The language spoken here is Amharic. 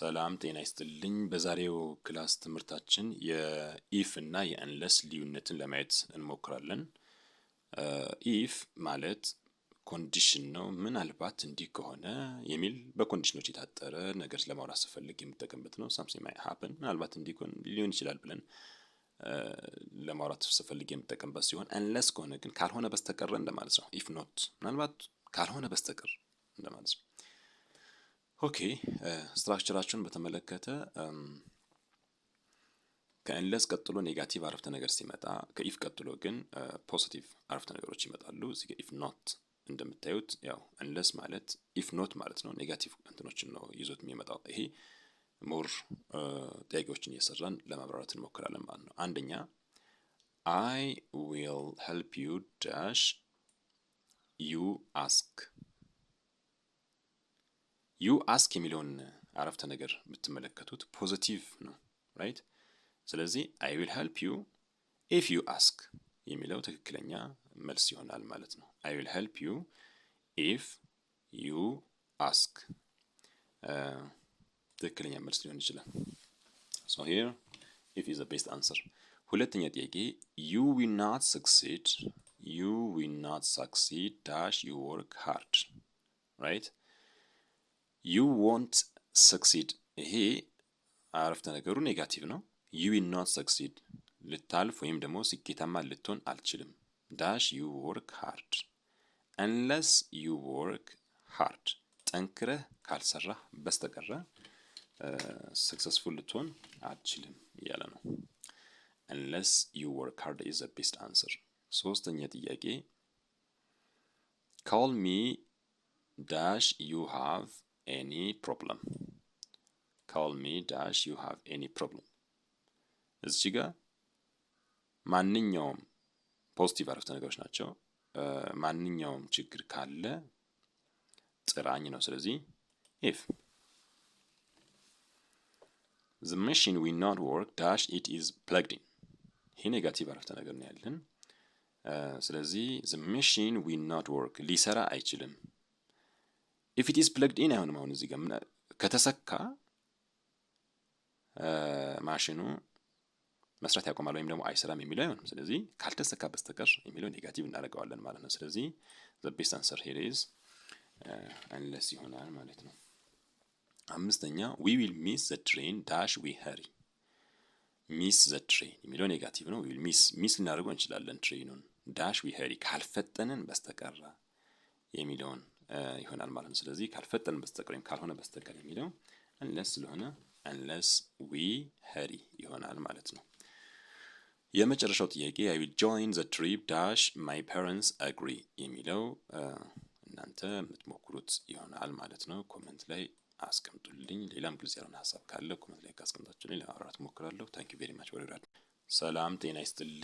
ሰላም ጤና ይስጥልኝ። በዛሬው ክላስ ትምህርታችን የኢፍ እና የእንለስ ልዩነትን ለማየት እንሞክራለን። ኢፍ ማለት ኮንዲሽን ነው። ምናልባት እንዲህ ከሆነ የሚል በኮንዲሽኖች የታጠረ ነገር ለማውራት ስፈልግ የምጠቀምበት ነው። ሳምሲንግ ማይ ሀፕን ምናልባት እንዲህ ሊሆን ይችላል ብለን ለማውራት ስፈልግ የምጠቀምበት ሲሆን እንለስ ከሆነ ግን ካልሆነ በስተቀር እንደማለት ነው። ኢፍ ኖት ምናልባት ካልሆነ በስተቀር እንደማለት ነው። ኦኬ ስትራክቸራችሁን በተመለከተ ከእንለስ ቀጥሎ ኔጋቲቭ አረፍተ ነገር ሲመጣ ከኢፍ ቀጥሎ ግን ፖዚቲቭ አረፍተ ነገሮች ይመጣሉ። እዚህ ኢፍ ኖት እንደምታዩት ያው እንለስ ማለት ኢፍ ኖት ማለት ነው። ኔጋቲቭ እንትኖችን ነው ይዞት የሚመጣው። ይሄ ሞር ጥያቄዎችን እየሰራን ለማብራራት እንሞክራለን ማለት ነው። አንደኛ አይ ዊል ሄልፕ ዩ ዳሽ ዩ አስክ ዩ አስክ የሚለውን አረፍተ ነገር የምትመለከቱት ፖዘቲቭ ነው ራይት። ስለዚህ አይ ዊል ሄልፕ ዩ ኢፍ ዩ አስክ የሚለው ትክክለኛ መልስ ይሆናል ማለት ነው። አይ ዊል ሄልፕ ዩ ኢፍ ዩ አስክ ትክክለኛ መልስ ሊሆን ይችላል። ሶ ሄር ኢፍ ኢዝ ዘ ቤስት አንሰር። ሁለተኛ ጥያቄ ዩ ዊል ናት ሰክሲድ ዩ ዊል ናት ሰክሲድ ዳሽ ዩ ወርክ ሃርድ ራይት ዩ ዎንት ሰክሲድ። ይሄ አረፍተ ነገሩ ኔጋቲቭ ነው። ዩ ዊል ኖት ሰክሲድ፣ ልታልፍ ወይም ደግሞ ስኬታማ ልትሆን አልችልም። ዳሽ ዩ ወርክ ሃርድ አንለስ ዩ ወርክ ሃርድ፣ ጠንክረህ ካልሰራህ በስተቀረ ሰክሰስፉል ልትሆን አልችልም እያለ ነው። አንለስ ዩ ወርክ ሃርድ ኢዝ ዘ ቤስት አንሰር። ሶስተኛ ጥያቄ ካል ሚ ዳሽ ዩ ሃቭ any problem call me dash you have any problem እዚህ ጋር ማንኛውም ፖዚቲቭ አረፍተ ነገሮች ናቸው። ማንኛውም ችግር ካለ ጥራኝ ነው። ስለዚህ ኢፍ the machine will not work dash it is plugged in ይሄ ኔጋቲቭ አረፍተ ነገር ነው ያለን። ስለዚህ the machine will not work ሊሰራ አይችልም ኢፍ ኢት ኢዝ ፕለግድ ኢን አይሆንም። አሁን እዚህ ጋር ከተሰካ ማሽኑ መስራት ያቆማል ወይም ደግሞ አይሰራም የሚለው አይሆንም። ስለዚህ ካልተሰካ በስተቀር የሚለው ኔጋቲቭ እናደርገዋለን ማለት ነው። ስለዚህ ዘ ቤስት አንሰር ሄር ኢዝ አንለስ ይሆናል ማለት ነው። አምስተኛ ዊ ዊል ሚስ ዘ ትሬን ዳሽ ዊ ሀሪ ሚስ ዘ ትሬን የሚለው ኔጋቲቭ ነው። ዊል ሚስ ሚስ ልናደርገው እንችላለን ትሬኑን ዳሽ ዊ ሀሪ ካልፈጠንን በስተቀር የሚለውን ይሆናል ማለት ነው። ስለዚህ ካልፈጠን በስተቀር ወይም ካልሆነ በስተቀር የሚለው አንለስ ስለሆነ አንለስ ዊ ሄሪ ይሆናል ማለት ነው። የመጨረሻው ጥያቄ አይ ዊል ጆይን ዘ ትሪፕ ዳሽ ማይ ፓረንትስ አግሪ የሚለው እናንተ የምትሞክሩት ይሆናል ማለት ነው። ኮመንት ላይ አስቀምጡልኝ። ሌላም ግልጽ ያልሆነ ሀሳብ ካለ ኮመንት ላይ ካስቀምጣችሁልኝ ለማብራራት እሞክራለሁ። ታንክ ዩ ቬሪ ማች። ሰላም ጤና ይስጥልኝ።